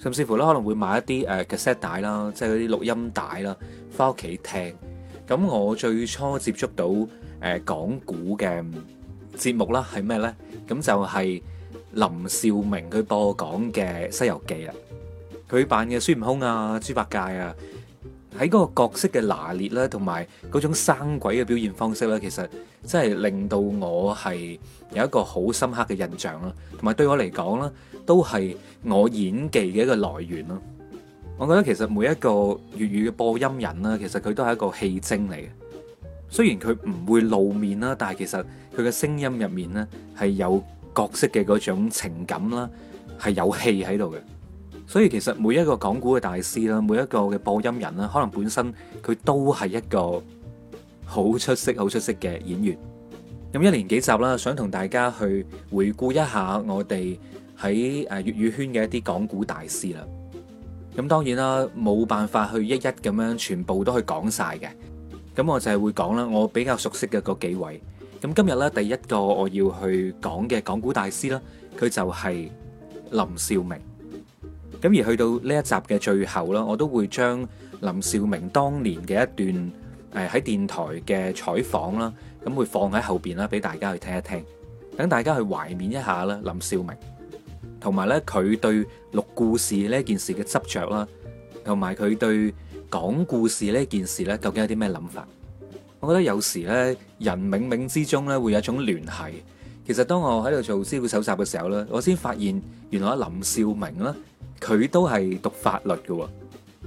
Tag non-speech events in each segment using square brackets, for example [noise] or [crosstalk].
甚至乎咧，可能會買一啲誒嘅 set 帶啦，即係嗰啲錄音帶啦，翻屋企聽。咁我最初接觸到誒講、呃、古嘅節目啦，係咩咧？咁就係林兆明佢播講嘅《西遊記》啦，佢扮嘅孫悟空啊、豬八戒啊。喺嗰個角色嘅拿捏咧，同埋嗰種生鬼嘅表現方式咧，其實真係令到我係有一個好深刻嘅印象啦。同埋對我嚟講啦，都係我演技嘅一個來源啦。我覺得其實每一個粵語嘅播音人啦，其實佢都係一個戲精嚟嘅。雖然佢唔會露面啦，但係其實佢嘅聲音入面咧，係有角色嘅嗰種情感啦，係有戲喺度嘅。所以其實每一個講古嘅大師啦，每一個嘅播音人啦，可能本身佢都係一個好出色、好出色嘅演員。咁一年幾集啦，想同大家去回顧一下我哋喺誒粵語圈嘅一啲講古大師啦。咁當然啦，冇辦法去一一咁樣全部都去講晒嘅。咁我就係會講啦，我比較熟悉嘅嗰幾位。咁今日咧，第一個我要去講嘅講古大師啦，佢就係林兆明。咁而去到呢一集嘅最後啦，我都會將林兆明當年嘅一段誒喺電台嘅採訪啦，咁會放喺後面啦，俾大家去聽一聽，等大家去懷念一下啦。林兆明同埋咧，佢對錄故事呢件事嘅執着啦，同埋佢對講故事呢件事咧，究竟有啲咩諗法？我覺得有時咧，人冥冥之中咧會有一種聯繫。其實當我喺度做資料搜集嘅時候咧，我先發現原來林兆明啦。佢都係讀法律嘅，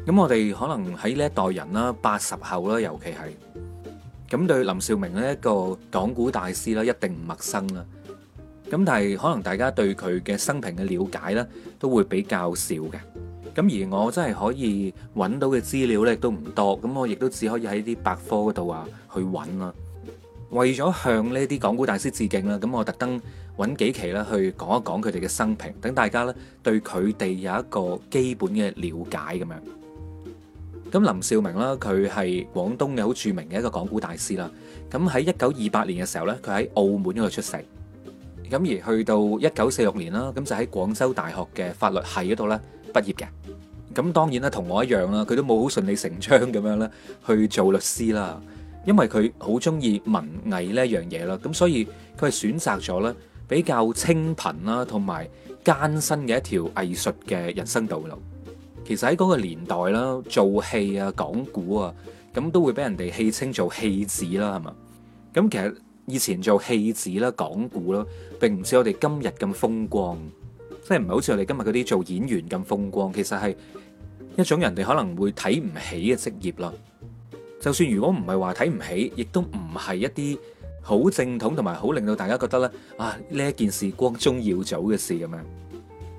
咁我哋可能喺呢一代人啦，八十後啦，尤其係咁對林兆明呢一個講古大師啦，一定唔陌生啦。咁但係可能大家對佢嘅生平嘅瞭解咧，都會比較少嘅。咁而我真係可以揾到嘅資料咧，都唔多。咁我亦都只可以喺啲百科嗰度啊去揾啦。為咗向呢啲講古大師致敬啦，咁我特登揾幾期啦，去講一講佢哋嘅生平，等大家咧對佢哋有一個基本嘅了解咁樣。咁林兆明啦，佢係廣東嘅好著名嘅一個講古大師啦。咁喺一九二八年嘅時候咧，佢喺澳門嗰度出世。咁而去到一九四六年啦，咁就喺廣州大學嘅法律系嗰度咧畢業嘅。咁當然啦，同我一樣啦，佢都冇好順理成章咁樣咧去做律師啦。因為佢好中意文藝呢一樣嘢啦，咁所以佢係選擇咗咧比較清貧啦，同埋艱辛嘅一條藝術嘅人生道路。其實喺嗰個年代啦，做戲啊、講古啊，咁都會俾人哋戲稱做戲子啦，係嘛？咁其實以前做戲子啦、講古啦，並唔似我哋今日咁風光，即係唔係好似我哋今日嗰啲做演員咁風光。其實係一種人哋可能會睇唔起嘅職業啦。就算如果唔係話睇唔起，亦都唔係一啲好正統同埋好令到大家覺得咧啊，呢一件事光宗耀祖嘅事咁樣。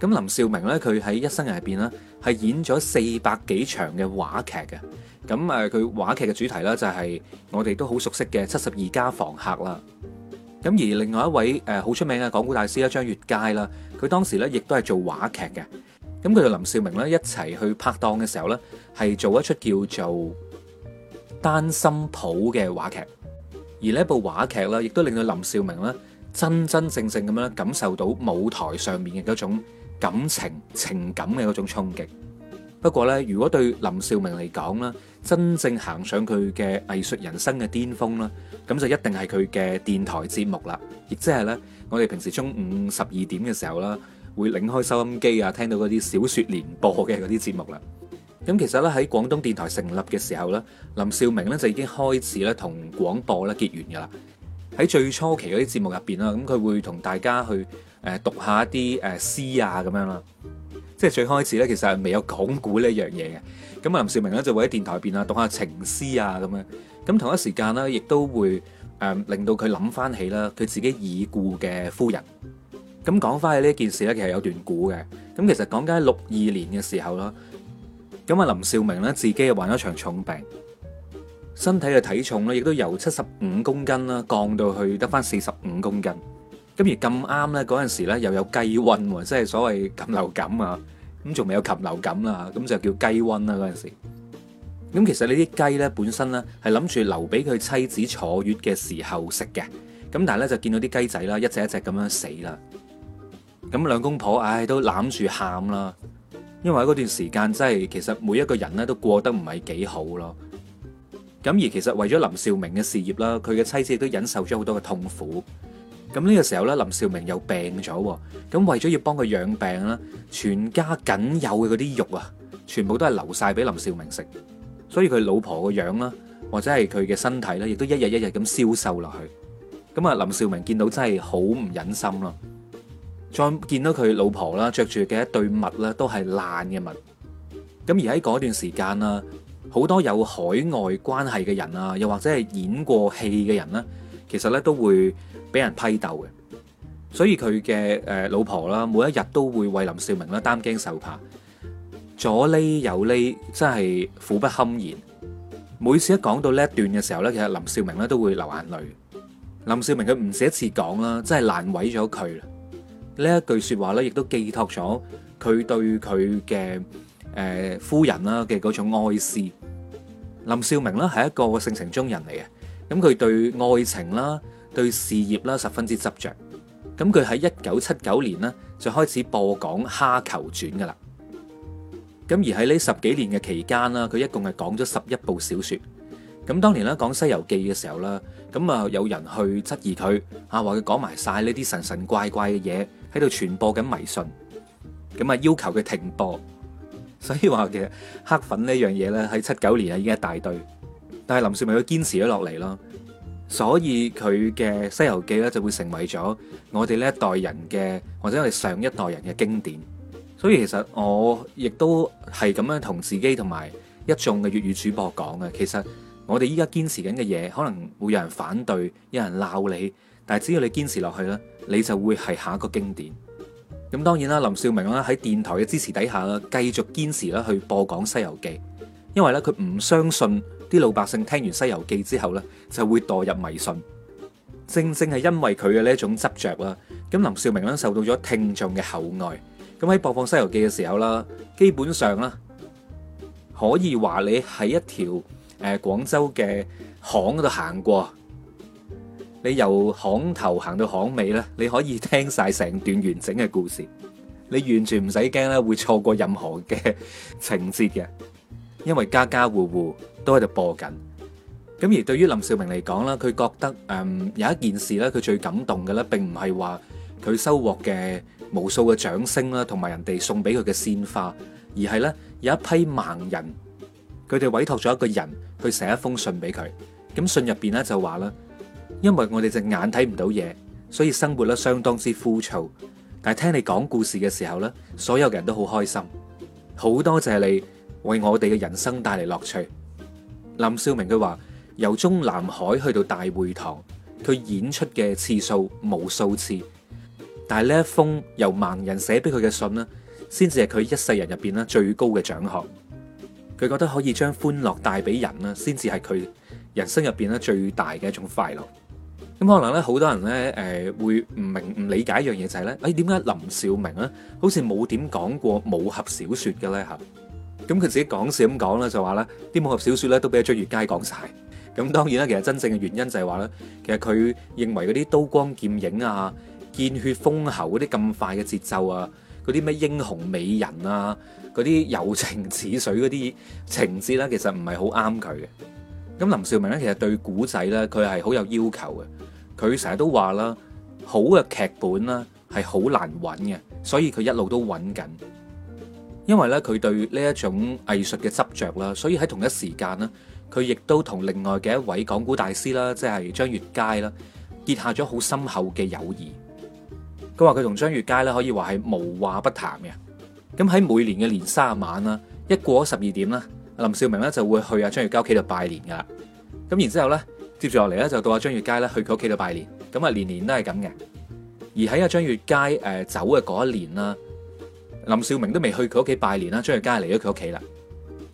咁林兆明咧，佢喺一生入邊咧係演咗四百幾場嘅話劇嘅。咁誒，佢話劇嘅主題咧就係、是、我哋都好熟悉嘅七十二家房客啦。咁而另外一位誒好出名嘅講古大師啦，張月佳啦，佢當時咧亦都係做話劇嘅。咁佢同林兆明咧一齊去拍檔嘅時候咧係做一出叫做。單心抱嘅話劇，而呢部話劇啦，亦都令到林兆明啦真真正正咁樣感受到舞台上面嘅嗰種感情、情感嘅嗰種衝擊。不過咧，如果對林兆明嚟講咧，真正行上佢嘅藝術人生嘅巔峰啦，咁就一定係佢嘅電台節目啦，亦即係咧，我哋平時中午十二點嘅時候啦，會擰開收音機啊，聽到嗰啲小說連播嘅嗰啲節目啦。咁其實咧，喺廣東電台成立嘅時候咧，林兆明咧就已經開始咧同廣播咧結緣嘅啦。喺最初期嗰啲節目入邊啦，咁佢會同大家去誒讀下一啲誒詩啊咁樣啦。即係最開始咧，其實係未有講古呢一樣嘢嘅。咁啊，林兆明咧就會喺電台入邊啊讀下情詩啊咁樣。咁同一時間啦，亦都會誒令到佢諗翻起啦佢自己已故嘅夫人。咁講翻起呢件事咧，其實有段故嘅。咁其實講緊喺六二年嘅時候啦。咁啊，林兆明咧自己又患咗一場重病，身體嘅體重咧亦都由七十五公斤啦，降到去得翻四十五公斤。咁而咁啱咧，嗰陣時咧又有雞瘟，即係所謂禽流感啊。咁仲未有禽流感啊，咁就叫雞瘟啦嗰陣時。咁其實呢啲雞咧本身咧係諗住留俾佢妻子坐月嘅時候食嘅，咁但係咧就見到啲雞仔啦一隻一隻咁樣死啦。咁兩公婆唉都攬住喊啦。因為嗰段時間真係，其實每一個人咧都過得唔係幾好咯。咁而其實為咗林兆明嘅事業啦，佢嘅妻子亦都忍受咗好多嘅痛苦。咁、這、呢個時候咧，林兆明又病咗，咁為咗要幫佢養病啦，全家僅有嘅嗰啲肉啊，全部都係留晒俾林兆明食。所以佢老婆個樣啦，或者係佢嘅身體咧，亦都一日一日咁消瘦落去。咁啊，林兆明見到真係好唔忍心咯。再見到佢老婆啦，著住嘅一對襪咧，都係爛嘅襪。咁而喺嗰段時間啦，好多有海外關係嘅人啊，又或者係演過戲嘅人咧，其實咧都會俾人批鬥嘅。所以佢嘅誒老婆啦，每一日都會為林兆明啦擔驚受怕，左呢右呢，真係苦不堪言。每次一講到呢一段嘅時候咧，其實林兆明咧都會流眼淚。林兆明佢唔少一次講啦，真係難為咗佢啦。呢一句說話咧，亦都寄託咗佢對佢嘅誒夫人啦嘅嗰種哀思。林兆明咧係一個性情中人嚟嘅，咁佢對愛情啦、對事業啦十分之執着。咁佢喺一九七九年呢，就開始播講《蝦球傳》噶啦。咁而喺呢十幾年嘅期間啦，佢一共係講咗十一部小說。咁當年咧講《西遊記》嘅時候啦，咁啊有人去質疑佢啊，話佢講埋晒呢啲神神怪怪嘅嘢。喺度傳播緊迷信，咁啊要求佢停播，所以話其實黑粉呢樣嘢咧喺七九年啊已經一大堆，但係林兆明佢堅持咗落嚟咯，所以佢嘅《西遊記》咧就會成為咗我哋呢一代人嘅，或者我哋上一代人嘅經典。所以其實我亦都係咁樣同自己同埋一眾嘅粵語主播講嘅，其實我哋依家堅持緊嘅嘢，可能會有人反對，有人鬧你，但係只要你堅持落去啦。你就會係下一個經典。咁當然啦，林兆明啦喺電台嘅支持底下啦，繼續堅持啦去播講《西遊記》，因為咧佢唔相信啲老百姓聽完《西遊記》之後咧就會墮入迷信。正正係因為佢嘅呢一種執着啦，咁林兆明咧受到咗聽眾嘅厚愛。咁喺播放《西遊記》嘅時候啦，基本上啦可以話你喺一條誒、呃、廣州嘅巷度行過。你由巷頭行到巷尾咧，你可以聽晒成段完整嘅故事，你完全唔使驚啦，會錯過任何嘅情節嘅，因為家家戶戶都喺度播緊。咁而對於林兆明嚟講啦，佢覺得誒有一件事咧，佢最感動嘅咧，並唔係話佢收穫嘅無數嘅掌聲啦，同埋人哋送俾佢嘅鮮花，而係咧有一批盲人，佢哋委託咗一個人去寫一封信俾佢。咁信入邊咧就話啦。因為我哋隻眼睇唔到嘢，所以生活咧相當之枯燥。但係聽你講故事嘅時候咧，所有嘅人都好開心。好多謝你為我哋嘅人生帶嚟樂趣。林兆明佢話由中南海去到大會堂，佢演出嘅次數無數次，但係呢一封由盲人寫俾佢嘅信咧，先至係佢一世人入邊咧最高嘅獎項。佢覺得可以將歡樂帶俾人咧，先至係佢人生入邊咧最大嘅一種快樂。咁可能咧，好多人咧，誒會唔明唔理解一樣嘢就係、是、咧，誒點解林兆明咧，好似冇點講過武俠小説嘅咧吓？咁佢自己講笑咁講啦就話咧，啲武俠小説咧都俾阿張悅楷講晒。咁當然啦，其實真正嘅原因就係話咧，其實佢認為嗰啲刀光劍影啊、見血封喉嗰啲咁快嘅節奏啊、嗰啲咩英雄美人啊、嗰啲柔情似水嗰啲情節咧、啊，其實唔係好啱佢嘅。咁林兆明咧，其實對古仔咧，佢係好有要求嘅。佢成日都話啦，好嘅劇本啦，係好難揾嘅，所以佢一路都揾緊。因為咧，佢對呢一種藝術嘅執着啦，所以喺同一時間呢，佢亦都同另外嘅一位講古大師啦，即係張月佳啦，結下咗好深厚嘅友誼。佢話佢同張月佳咧，可以話係無話不談嘅。咁喺每年嘅年卅晚啦，一過咗十二點啦。林兆明咧就會去阿張月佳屋企度拜年噶啦，咁然之後咧，接住落嚟咧，就到阿張月佳咧去佢屋企度拜年，咁啊年年都係咁嘅。而喺阿張月佳誒走嘅嗰一年啦，林兆明都未去佢屋企拜年啦，張月佳嚟咗佢屋企啦。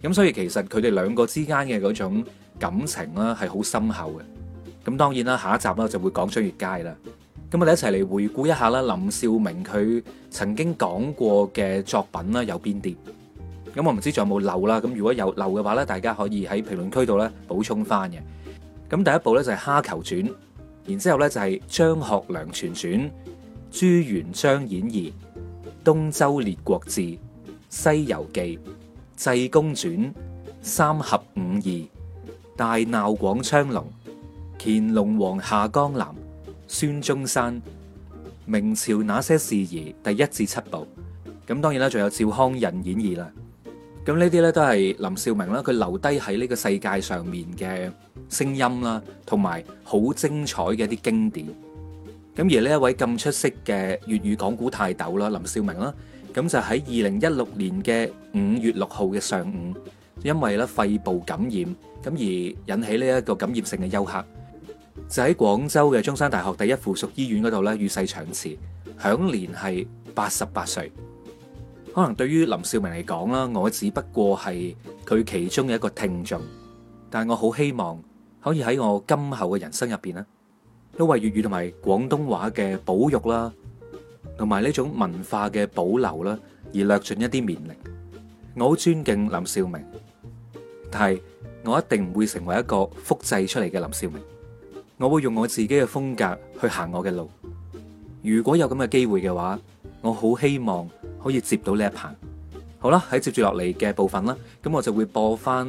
咁所以其實佢哋兩個之間嘅嗰種感情啦，係好深厚嘅。咁當然啦，下一集啦就會講張月佳啦。咁我哋一齊嚟回顧一下啦，林兆明佢曾經講過嘅作品啦有邊啲？咁我唔知仲有冇漏啦。咁如果有漏嘅話咧，大家可以喺評論區度咧補充翻嘅。咁第一部咧就係、是《蝦球傳》，然之後咧就係、是《張學良傳傳》、《朱元璋演義》、《東周列國志》、《西遊記》、《濟公傳》、《三俠五義》、《大鬧廣昌隆》、《乾隆皇下江南》、《孫中山》、《明朝那些事兒》第一至七部。咁當然啦，仲有《趙匡胤演義》啦。咁呢啲咧都係林兆明啦，佢留低喺呢個世界上面嘅聲音啦，同埋好精彩嘅一啲經典。咁而呢一位咁出色嘅粵語講古泰斗啦，林兆明啦，咁就喺二零一六年嘅五月六號嘅上午，因為咧肺部感染，咁而引起呢一個感染性嘅休克，就喺廣州嘅中山大學第一附屬醫院嗰度呢與世長辭，享年係八十八歲。可能對於林兆明嚟講啦，我只不過係佢其中嘅一個聽眾，但係我好希望可以喺我今後嘅人生入面啦，都為粵語同埋廣東話嘅保育啦，同埋呢種文化嘅保留啦，而略盡一啲綿力。我好尊敬林兆明，但係我一定唔會成為一個複製出嚟嘅林兆明，我會用我自己嘅風格去行我嘅路。如果有咁嘅機會嘅話。我好希望可以接到呢一棒。好啦，喺接住落嚟嘅部分啦，咁我就會播翻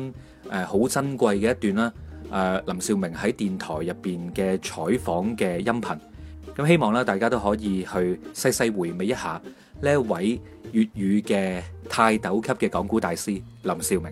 好珍貴嘅一段啦，呃。林兆明喺電台入邊嘅採訪嘅音頻，咁希望啦，大家都可以去細細回味一下呢一位粵語嘅泰斗級嘅講古大師林兆明。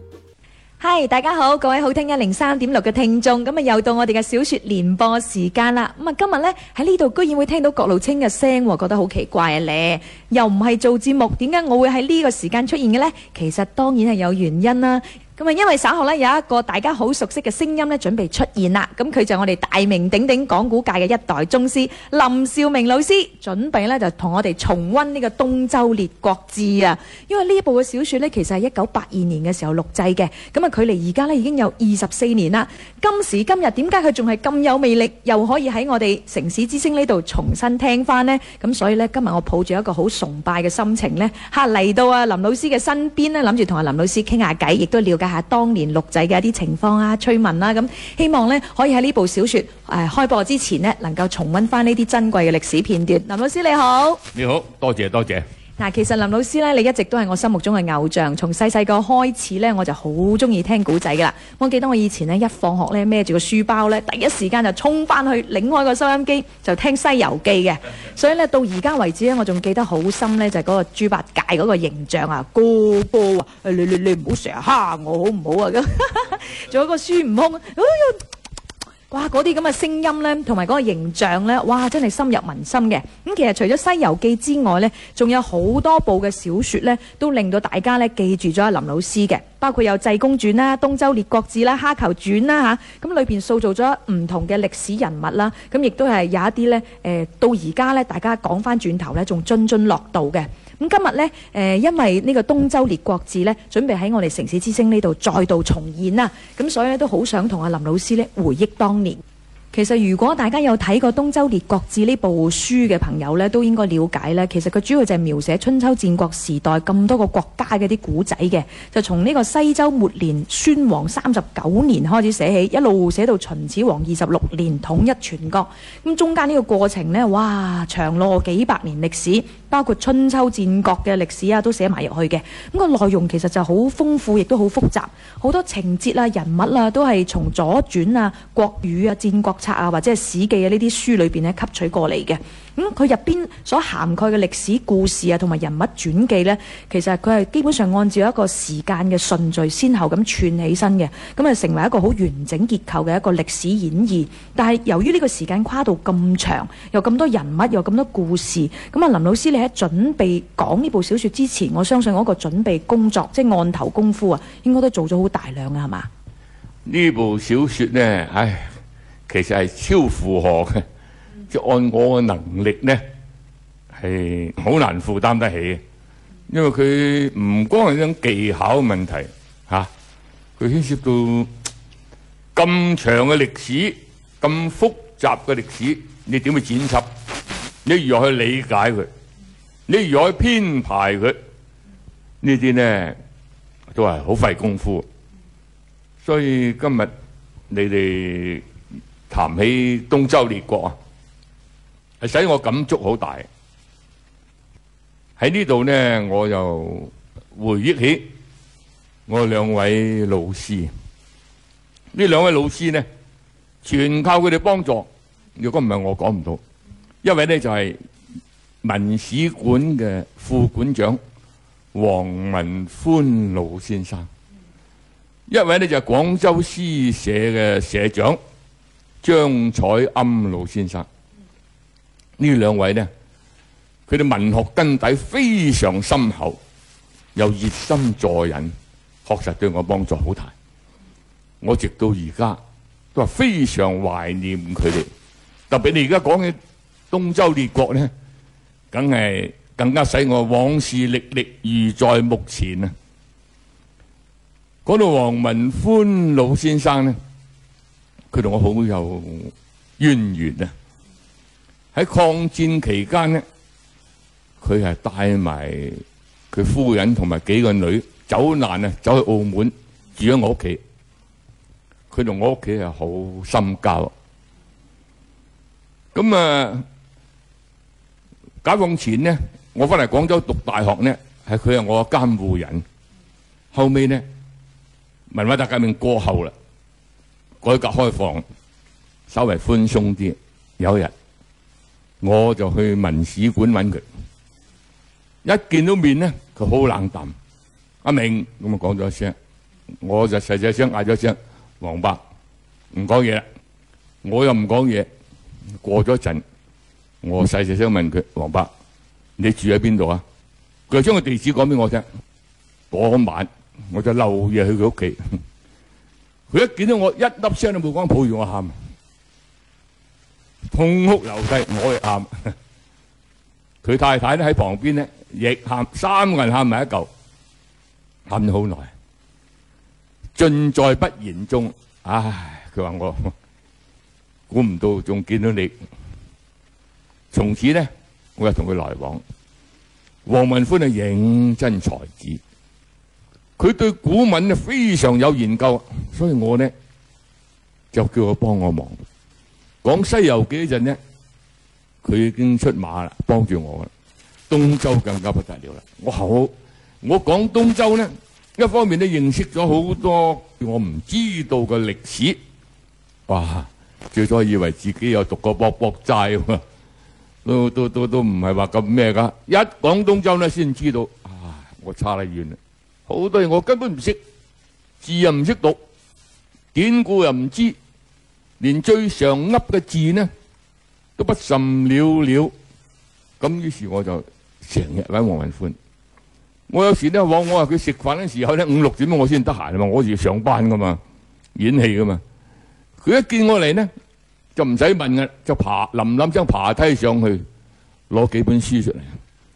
嗨，大家好，各位好聽一零三點六嘅聽眾，咁啊，又到我哋嘅小說連播時間啦。咁啊今日呢喺呢度居然會聽到郭露清嘅聲，覺得好奇怪啊咧！又唔係做節目，點解我會喺呢個時間出現嘅呢？其實當然係有原因啦，啊。咁啊，因為稍後呢有一個大家好熟悉嘅聲音呢準備出現啦。咁佢就係我哋大名鼎鼎講古界嘅一代宗師林兆明老師，準備呢就同我哋重温呢個《東周列國志》啊。因為呢一部嘅小説呢其實係一九八二年嘅時候錄製嘅。咁啊，距離而家呢已經有二十四年啦。今時今日點解佢仲係咁有魅力，又可以喺我哋城市之星呢度重新聽翻呢？咁所以呢，今日我抱住一個好崇拜嘅心情呢，嚇嚟到啊林老師嘅身邊呢諗住同啊林老師傾下偈，亦都了解。下、啊、當年鹿仔嘅一啲情況啊、催問啦、啊，咁希望呢可以喺呢部小說誒、啊、開播之前呢，能夠重温翻呢啲珍貴嘅歷史片段。林老師你好。你好，多謝多謝。嗱，其實林老師咧，你一直都係我心目中嘅偶像。從細細個開始咧，我就好中意聽古仔噶啦。我記得我以前呢，一放學咧，孭住個書包咧，第一時間就衝翻去擰開個收音機就聽《西遊記》嘅。所以咧，到而家為止咧，我仲記得好深咧，就係、是、嗰個豬八戒嗰個形象啊，哥哥啊，你你你唔好成日蝦我好唔好啊？咁仲有個孫悟空，哎呀哇！嗰啲咁嘅聲音呢，同埋嗰個形象呢哇！真係深入民心嘅。咁其實除咗《西遊記》之外呢，仲有好多部嘅小說呢都令到大家呢記住咗阿林老師嘅。包括有《濟公傳》啦，《東周列國志》啦，《蝦球傳》啦嚇。咁裏邊塑造咗唔同嘅歷史人物啦，咁、啊、亦都係有一啲呢。呃、到而家呢大家講翻轉頭呢仲津津樂道嘅。咁今日呢，呃，因為呢個東周列國志呢準備喺我哋城市之星呢度再度重現啦，咁所以咧都好想同阿林老師咧回憶當年。其實如果大家有睇過《東周列國志》呢部書嘅朋友呢，都應該了解呢。其實佢主要就係描寫春秋戰國時代咁多個國家嘅啲古仔嘅，就從呢個西周末年宣王三十九年開始寫起，一路寫到秦始皇二十六年統一全國。咁中間呢個過程呢，哇，長落幾百年歷史，包括春秋戰國嘅歷史啊，都寫埋入去嘅。咁個內容其實就好豐富，亦都好複雜，好多情節啊、人物啊，都係從《左傳》啊、國語啊、戰國策啊，或者係史記啊呢啲書裏邊咧吸取過嚟嘅。咁佢入邊所涵蓋嘅歷史故事啊，同埋人物傳記呢，其實佢係基本上按照一個時間嘅順序先後咁串起身嘅，咁、嗯、啊成為一個好完整結構嘅一個歷史演義。但係由於呢個時間跨度咁長，有咁多人物，有咁多故事，咁、嗯、啊林老師，你喺準備講呢部小說之前，我相信嗰個準備工作，即係案頭功夫啊，應該都做咗好大量噶係嘛？呢部小說呢？唉。其實係超負荷嘅，即、就是、按我嘅能力呢，係好難負擔得起，因為佢唔光係一種技巧問題，吓、啊，佢牽涉到咁長嘅歷史、咁複雜嘅歷史，你點去剪輯？你如何去理解佢？你如何去編排佢？呢啲呢，都係好費功夫的。所以今日你哋。談起東周列國啊，係使我感觸好大。喺呢度呢，我又回憶起我兩位老師。呢兩位老師呢，全靠佢哋幫助。如果唔係我講唔到。一位呢，就係文史館嘅副館長黃文寬老先生。一位呢，就係、是、廣州詩社嘅社長，張彩庵老先生，呢兩位呢，佢哋文學根底非常深厚，又熱心助人，確實對我幫助好大。我直到而家都係非常懷念佢哋，特別你而家講起東周列國呢，梗係更加使我往事歷歷如在目前啊！講到黃文歡老先生呢。佢同我好有淵源啊！喺抗戰期間呢，佢係帶埋佢夫人同埋幾個女走難啊，走去澳門住喺我屋企。佢同我屋企係好深交啊！咁啊，解放前呢，我翻嚟廣州讀大學呢，係佢係我監護人。後尾呢，文化大革命過後啦。改革開放稍微寬鬆啲，有一日我就去文史館揾佢，一見到面咧，佢好冷淡。阿明咁啊，講咗一聲，我就細細聲嗌咗一聲黃伯，唔講嘢啦，我又唔講嘢。過咗一陣，我細細聲問佢：黃伯，你住喺邊度啊？佢就將個地址講俾我聽。嗰晚我就漏夜去佢屋企。佢一見到我，一粒聲都冇講，抱住我喊，痛哭流涕，我亦喊，佢太太呢喺旁邊呢亦喊，三個人喊埋一嚿，喊咗好耐，盡在不言中，唉！佢話我估唔到仲見到你，從此呢我又同佢來往，黃文歡係認真才智。佢對古文咧非常有研究，所以我呢，就叫佢幫我忙。講《西遊記》嗰陣咧，佢已經出馬啦，幫住我啦。東周更加不得了啦！我好，我講東周呢，一方面都認識咗好多我唔知道嘅歷史。哇！最初以為自己有讀過《博博齋》喎，都都都都唔係話咁咩㗎。一講東周呢，先知道，唉、啊，我差得遠啦。好多人我根本唔識字又唔識讀，典故又唔知，連最常噏嘅字呢都不甚了了。咁於是我就成日揾黃云寬。我有時呢往我話佢食飯嘅時候呢五六點我先得閒啊嘛，我要上班噶嘛演戲噶嘛。佢一見我嚟呢就唔使問呀，就爬林林聲爬梯上去攞幾本書出嚟。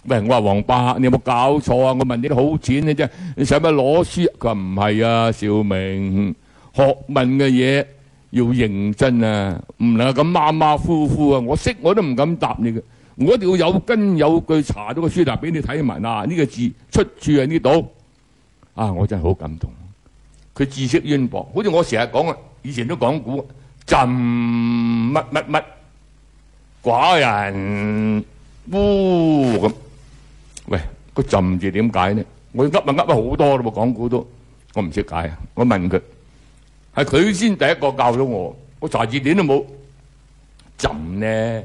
喂，我話黃伯，你有冇搞錯啊？我問你啲好淺嘅、啊、啫，你使乜攞書？佢話唔係啊，少明，學問嘅嘢要認真啊，唔能咁馬馬虎虎啊！我識我都唔敢答你嘅，我一定要有根有據，查到個書籍俾你睇埋嗱，呢、呢個字出處喺呢度。啊，我真係好感動，佢知識淵博，好似我成日講啊，以前都講古，朕乜乜乜寡人孤咁。嗚喂，個朕字點解呢？我噏啊噏咗好多咯，講古都，我唔識解啊！我問佢，係佢先第一個教咗我。我查字典都冇朕呢，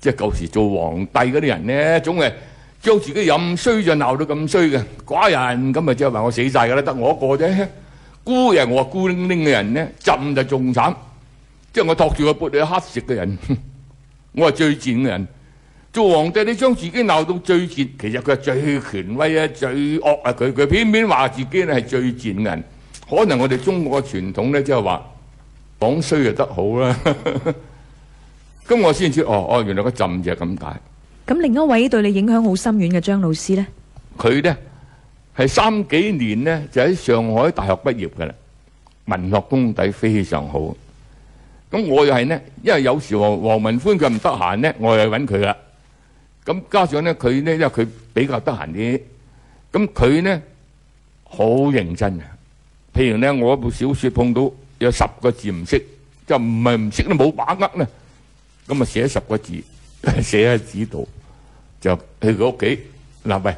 即係舊時做皇帝嗰啲人呢，總係將自己飲衰就鬧到咁衰嘅寡人，咁咪即係話我死晒噶啦，得我一個啫。孤人我話孤零零嘅人呢，朕就仲慘，即係我托住個砵嚟乞食嘅人，我係最賤嘅人。做皇帝，你將自己鬧到最賤，其實佢係最權威啊，最惡啊，佢佢偏偏話自己呢係最賤嘅人。可能我哋中國傳統呢，即係話講衰就得好啦。咁 [laughs] 我先知哦哦，原來個朕就係咁解。咁另一位對你影響好深遠嘅張老師呢，佢呢係三幾年呢就喺上海大學畢業㗎啦，文學功底非常好。咁我又係呢，因為有時黃黃文歡佢唔得閒呢，我又去揾佢啦。咁加上咧，佢咧，因為佢比較得閒啲，咁佢咧好認真啊。譬如咧，我部小説碰到有十個字唔識，就唔係唔識咧，冇把握咧，咁啊，寫十個字寫喺紙度，就去佢屋企嗱喂，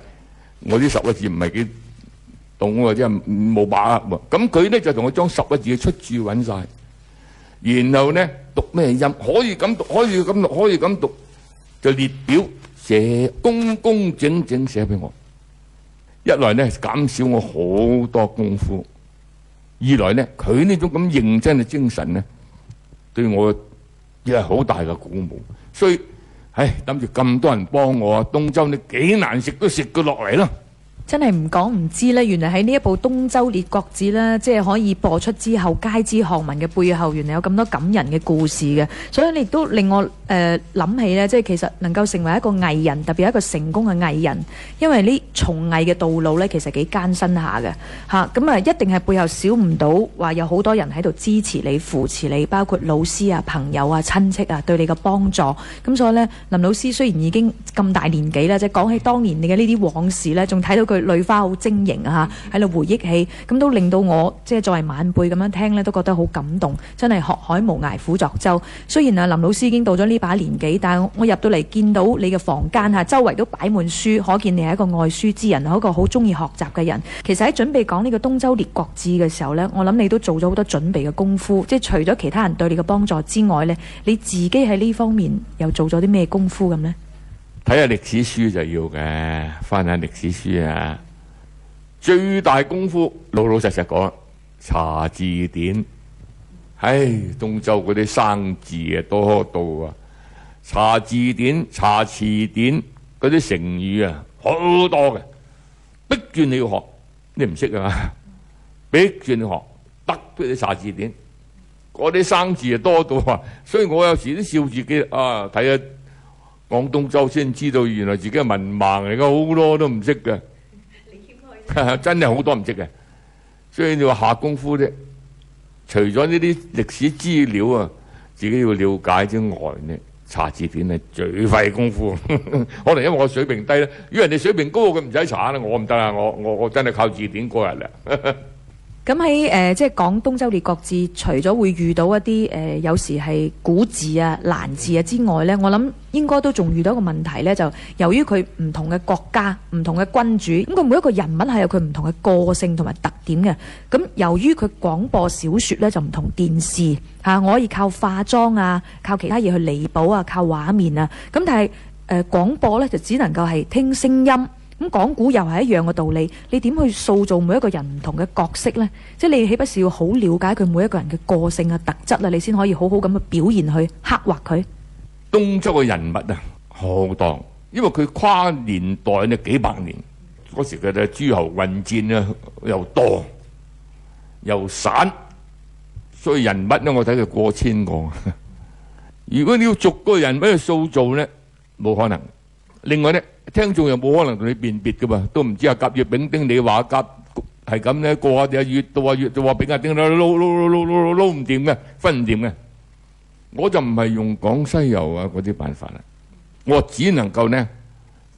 我啲十個字唔係幾懂，即係冇把握喎。咁佢咧就同我將十個字嘅出處揾曬，然後咧讀咩音，可以咁讀，可以咁讀，可以咁讀，就列表，寫工工整整寫俾我，一來呢，減少我好多功夫，二來呢，佢呢種咁認真嘅精神呢，對我亦係好大嘅鼓舞。所以，唉諗住咁多人幫我，東周你幾難食都食到落嚟啦。真係唔講唔知呢，原來喺呢一部《東周列國志》呢，即係可以播出之後街知巷聞嘅背後，原來有咁多感人嘅故事嘅。所以你亦都令我誒諗起呢，即係其實能夠成為一個藝人，特別係一個成功嘅藝人，因為呢從藝嘅道路呢，其實幾艱辛下嘅嚇。咁啊，一定係背後少唔到話有好多人喺度支持你、扶持你，包括老師啊、朋友啊、親戚啊對你嘅幫助。咁所以呢，林老師雖然已經咁大年紀啦，即係講起當年你嘅呢啲往事呢，仲睇到佢。淚花好晶瑩啊！喺度回憶起，咁都令到我即係作為晚輩咁樣聽呢，都覺得好感動。真係學海無涯苦作舟。雖然啊，林老師已經到咗呢把年紀，但係我入到嚟見到你嘅房間嚇，周圍都擺滿書，可見你係一個愛書之人，係一個好中意學習嘅人。其實喺準備講呢個《東周列國志》嘅時候呢，我諗你都做咗好多準備嘅功夫。即係除咗其他人對你嘅幫助之外呢，你自己喺呢方面又做咗啲咩功夫咁呢？睇下歷史書就要嘅，翻下歷史書啊！最大功夫老老實實講，查字典。唉，東周嗰啲生字啊多到啊！查字典、查詞典嗰啲成語啊好多嘅，逼住你要學，你唔識啊嘛！逼住你學，得逼你查字典。嗰啲生字啊多到啊，所以我有時都笑自己啊睇下。看廣東周先知道，原來自己係文盲嚟嘅，好多都唔識嘅。 [laughs] 真係好多唔識嘅，所以你話下功夫啫。除咗呢啲歷史資料啊，自己要了解之外咧，查字典係最費功夫。 [laughs] 可能因為我水平低咧，如果人哋水平高佢唔使查啦，我唔得啊！我我我真係靠字典過日啦。 [laughs] 咁喺誒即係講東周列國志，除咗會遇到一啲誒、呃、有時係古字啊、難字啊之外呢，我諗應該都仲遇到一個問題呢，就由於佢唔同嘅國家、唔同嘅君主，咁佢每一個人物係有佢唔同嘅個性同埋特點嘅。咁由於佢廣播小說呢，就唔同電視嚇、啊，我可以靠化妝啊、靠其他嘢去彌補啊、靠畫面啊，咁但係誒、呃、廣播呢，就只能夠係聽聲音。咁講古又係一樣嘅道理，你點去塑造每一個人唔同嘅角色咧？即係你豈不是要好了解佢每一個人嘅個性啊、特質啊，你先可以好好咁去表現去刻畫佢？東周嘅人物啊，好多。因為佢跨年代咧，幾百年嗰時嘅咧，諸侯混戰咧又多又散，所以人物咧，我睇佢過千個。如果你要逐個人俾佢塑造咧，冇可能。另外咧。聽眾又冇可能同你辨別噶嘛，都唔知阿甲乙丙丁，你話甲係咁呢過下啲阿乙到阿乙到阿丙阿丁咧，撈撈撈撈撈撈唔掂嘅分唔掂嘅，我就唔係用講《西遊》啊嗰啲辦法啦，我只能夠呢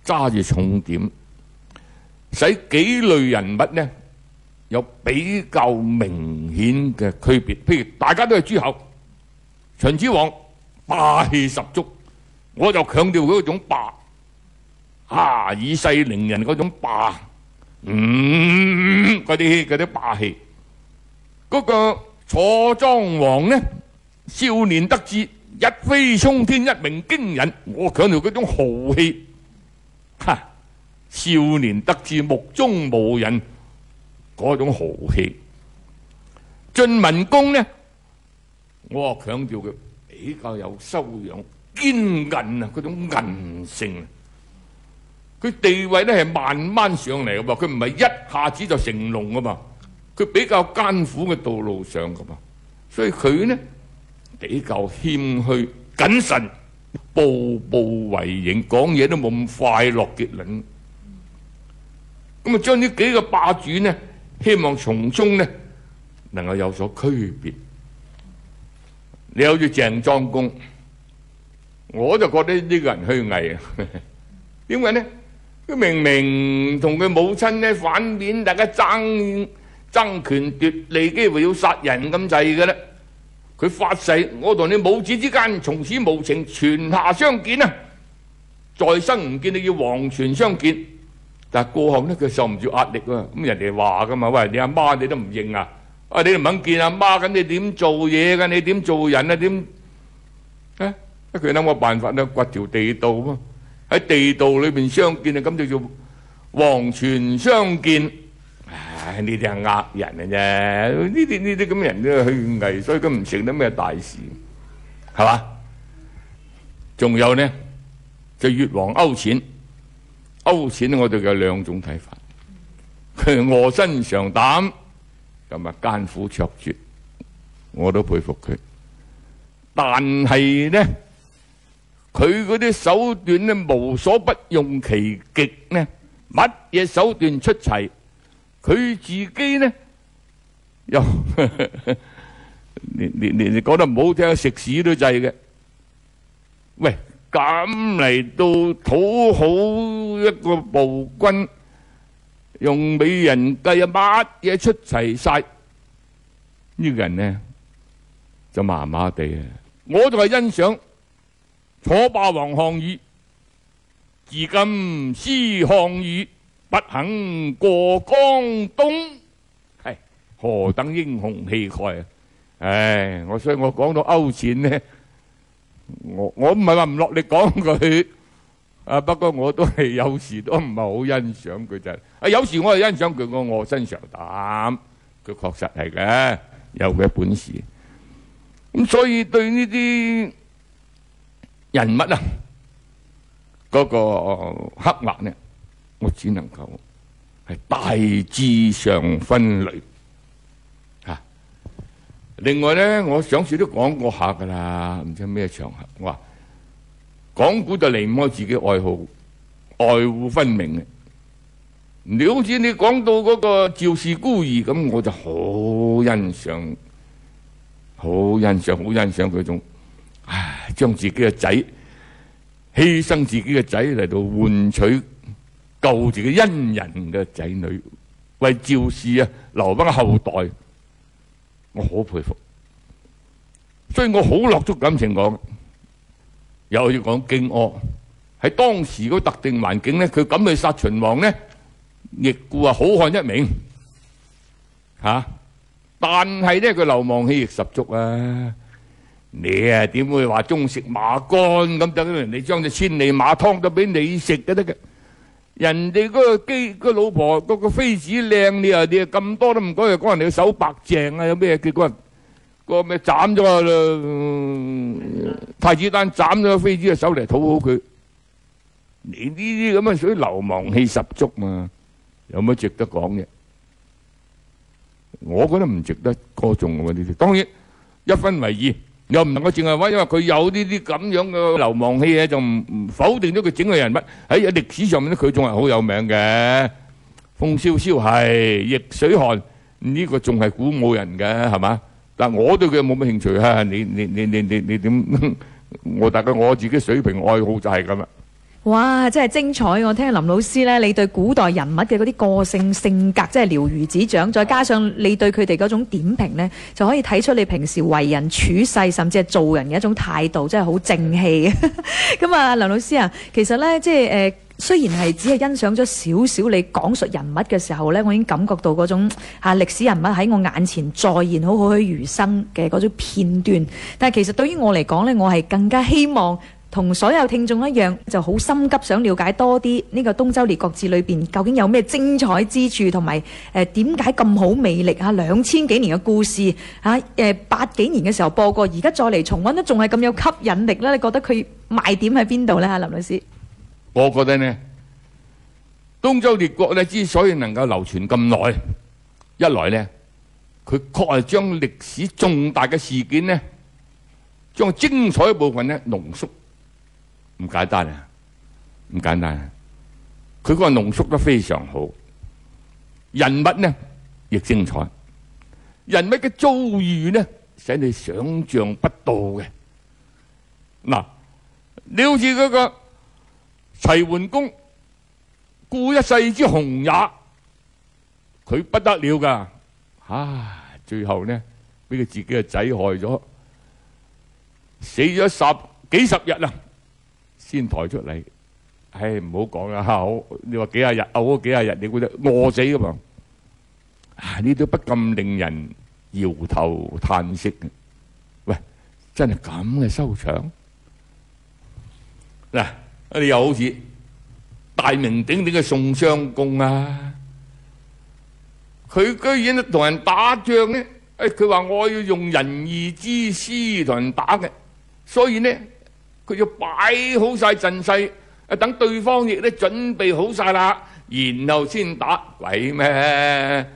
揸住重點，使幾類人物呢有比較明顯嘅區別。譬如大家都係諸侯，秦始皇霸氣十足，我就強調嗰種霸。哈、啊！以勢凌人嗰種霸，嗯，嗰啲嗰啲霸氣。嗰、那個楚莊王呢？少年得志，一飛沖天，一鳴驚人。我強調嗰種豪氣。哈、啊！少年得志，目中無人嗰種豪氣。晉文公呢？我強調佢比較有修養、堅韌啊，嗰種韌性。嗯佢地位咧係慢慢上嚟噶嘛，佢唔係一下子就成龍噶嘛，佢比較艱苦嘅道路上噶嘛，所以佢咧比較謙虛、謹慎、步步為營，講嘢都冇咁快樂結論。咁啊，將呢幾個霸主咧，希望從中咧能夠有所區別。你好似鄭莊公，我就覺得呢個人虛偽啊，點解咧？佢明明同佢母親呢反面，大家爭爭權奪利，機會要殺人咁滯噶啦！佢發誓：我同你母子之間從此無情，泉下相見啊！在生唔見你，要黃泉相見。但過後呢，佢受唔住壓力啊！咁人哋話噶嘛，喂，你阿媽你都唔認啊！啊你唔肯見阿媽，咁你點做嘢噶？你點做，做人啊？點？欸」啊！佢諗個辦法呢，掘條地道。喺地道裏邊相見啊，咁就叫黃泉相見。唉，呢啲係呃人嘅啫，呢啲呢啲咁嘅人都係去危，所以佢唔成得咩大事，係嘛？仲有呢，就越王勾踐，勾踐我哋有兩種睇法，佢臥薪嘗膽，咁日艱苦卓絕，我都佩服佢。但係呢。佢嗰啲手段呢，無所不用其極呢，乜嘢手段出齊，佢自己呢又你你你你講得唔好聽，食屎都制嘅。喂，咁嚟到討好一個暴君，用美人計啊，乜嘢出齊晒，呢個人呢，就麻麻地啊！我就係欣賞。楚霸王項羽，至今思項羽，不肯過江東，係、哎、何等英雄氣概啊！唉，我所以我講到勾踐呢，我我唔係話唔落力講佢，啊，不過我都係有時都唔係好欣賞佢就，啊，有時我係欣賞佢個臥薪嘗膽，佢確實係嘅，有佢本事，咁所以對呢啲。人物啊，嗰、那個黑畫呢，我只能夠係大致上分類吓、啊。另外呢，我上次都講過一下噶啦，唔知咩場合，我話講古就離唔開自己愛好，愛惡分明嘅。了解你好似你講到嗰個趙氏孤兒咁，我就好欣賞，好欣賞，好欣賞嗰種。唉，將自己嘅仔犧牲，自己嘅仔嚟到換取救自己恩人嘅仔女，為趙氏啊，留番個後代，我好佩服。所以我好落足感情講，又要講荊軻喺當時嗰特定環境咧，佢敢去殺秦王咧，亦故啊，好漢一名吓。但係咧，佢流氓氣亦十足啊！你啊，點會話中食馬肝咁？將人哋將隻千里馬劏咗俾你食都得嘅？人哋嗰個機個老婆嗰個妃子靚，你又你咁多都唔講，又講人哋個手白淨啊？有咩結局？個咩斬咗太子丹斬咗個妃子個手嚟討好佢？你呢啲咁啊屬於流氓氣十足嘛？有乜值得講嘅？我覺得唔值得歌頌嘅呢啲，當然一分為二。又唔能夠淨係話，因為佢有呢啲咁樣嘅流亡氣嘅，就唔唔否定咗佢整個人物喺歷史上面咧，佢仲係好有名嘅。風蕭蕭兮易水寒，呢個仲係鼓舞人嘅，係嘛？但係我對佢冇乜興趣嚇，你你你你你你點？我大概我自己水平愛好就係咁啦。哇！真係精彩，我聽下林老師呢，你對古代人物嘅嗰啲個性性格真係了如指掌，再加上你對佢哋嗰種點評呢，就可以睇出你平時為人處世，甚至係做人嘅一種態度，真係好正氣。咁啊，林老師啊，其實呢，即係誒，雖然係只係欣賞咗少少你講述人物嘅時候呢，我已經感覺到嗰種歷、啊、歷史人物喺我眼前再現，栩栩如生嘅嗰種片段。但係其實對於我嚟講呢，我係更加希望。同所有聽眾一樣，就好心急想了解多啲呢個《東周列國志》裏邊究竟有咩精彩之處，同埋誒點解咁好魅力嚇？兩千幾年嘅故事嚇，誒八幾年嘅時候播過，而家再嚟重温都仲係咁有吸引力咧？你覺得佢賣點喺邊度咧？嚇，林老師，我覺得咧，《東周列國》咧之所以能夠流傳咁耐，一來咧，佢確係將歷史重大嘅事件咧，將精彩部分咧濃縮。唔簡單啊，唔簡單啊！佢嗰個濃縮得非常好，人物呢亦精彩，人物嘅遭遇呢，使你想象不到嘅。嗱，你好似嗰個齊桓公，固一世之雄也，佢不得了噶，吓、啊！最後呢，俾佢自己嘅仔害咗，死咗十幾十日啊！先抬出嚟，唉，唔好講啦吓！你話幾廿日嘔咗幾廿日，你估得餓死噶嘛？啊，呢都不禁令人搖頭嘆息嘅。喂，真係咁嘅收場嗱、啊！你又好似大名鼎鼎嘅宋襄公啊，佢居然同人打仗呢？誒，佢話我要用仁義之師同人打嘅，所以呢。佢要擺好晒陣勢，啊，等對方亦都準備好晒啦，然後先打鬼咩？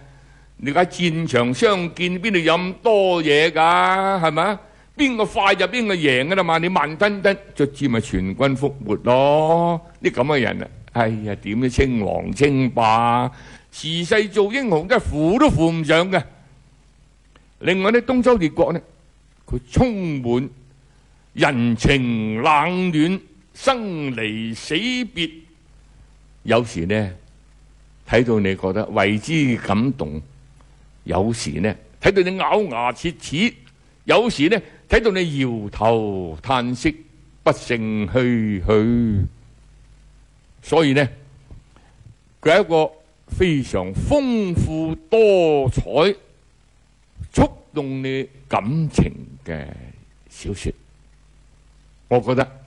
你解戰場相見邊度有咁多嘢噶？係咪？邊個快就邊個贏噶啦嘛？你慢吞吞卒之咪全軍覆沒咯？啲咁嘅人啊，哎呀，點都稱王稱霸，時勢做英雄，真係扶都扶唔上嘅。另外呢，東周列國呢，佢充滿。人情冷暖、生離死別，有時呢，睇到你覺得為之感動；有時呢，睇到你咬牙切齒；有時呢，睇到你搖頭嘆息、不勝唏噓。所以呢，佢係一個非常豐富多彩、觸動你感情嘅小説。我覺得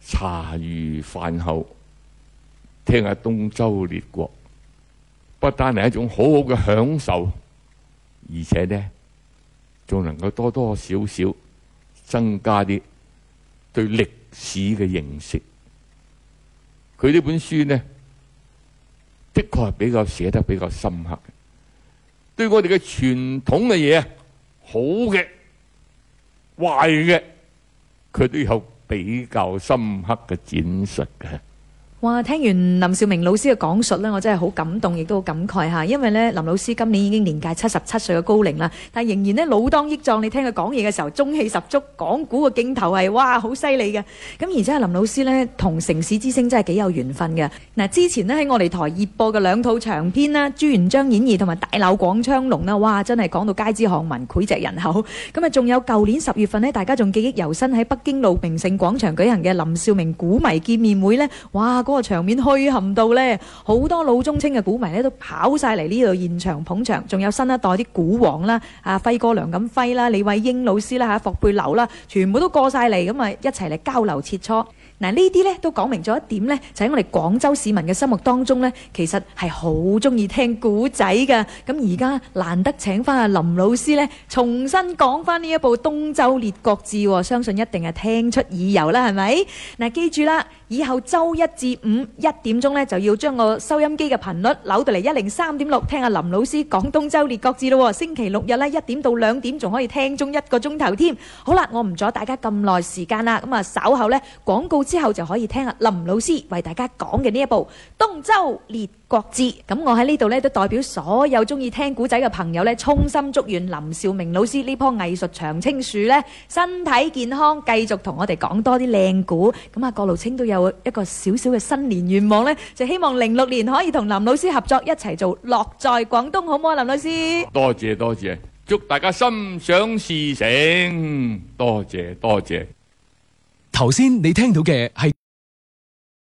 茶餘飯後聽下東周列國，不單係一種好好嘅享受，而且呢，仲能夠多多少少增加啲對歷史嘅認識。佢呢本書呢，的確係比較寫得比較深刻，對我哋嘅傳統嘅嘢，好嘅、壞嘅。佢都有比較深刻嘅展示嘅。哇！聽完林兆明老師嘅講述呢，我真係好感動，亦都好感慨嚇。因為呢，林老師今年已經年屆七十七歲嘅高齡啦，但仍然呢老當益壯。你聽佢講嘢嘅時候，中氣十足，講古嘅鏡頭係哇好犀利嘅。咁而且林老師呢同城市之星真係幾有緣分嘅。嗱，之前呢，喺我哋台熱播嘅兩套長篇啦，《朱元璋演義》同埋《大鬧廣昌隆》啦，哇！真係講到街知巷聞，膾炙人口。咁啊，仲有舊年十月份呢，大家仲記憶猶新喺北京路名盛廣場舉行嘅林兆明古迷見面會呢。哇！嗰個場面墟冚到呢，好多老中青嘅股民呢都跑晒嚟呢度現場捧場，仲有新一代啲古王啦，阿輝哥梁錦輝啦，李慧英老師啦，吓霍佩流啦，全部都過晒嚟咁啊，一齊嚟交流切磋。嗱，呢啲呢都講明咗一點呢，就喺我哋廣州市民嘅心目當中呢，其實係好中意聽古仔嘅。咁而家難得請翻阿林老師呢，重新講翻呢一部《東周列國志》，相信一定係聽出耳油啦，係咪？嗱，記住啦。以後周一至五一點鐘咧，就要將我收音機嘅頻率扭到嚟一零三點六聽阿林老師講《東周列國志》咯。星期六日咧，一點到兩點仲可以聽中一個鐘頭添。好啦，我唔阻大家咁耐時間啦。咁啊，稍後咧，廣告之後就可以聽阿林老師為大家講嘅呢一部《東周列國》國志，咁我喺呢度呢都代表所有中意聽古仔嘅朋友呢，衷心祝願林兆明老師呢棵藝術長青樹呢，身體健康，繼續同我哋講多啲靚古。咁啊，郭路清都有一個少少嘅新年願望呢，就希望零六年可以同林老師合作一齊做樂在廣東，好唔好啊？林老師，多謝多謝，祝大家心想事成，多謝多謝。頭先你聽到嘅係。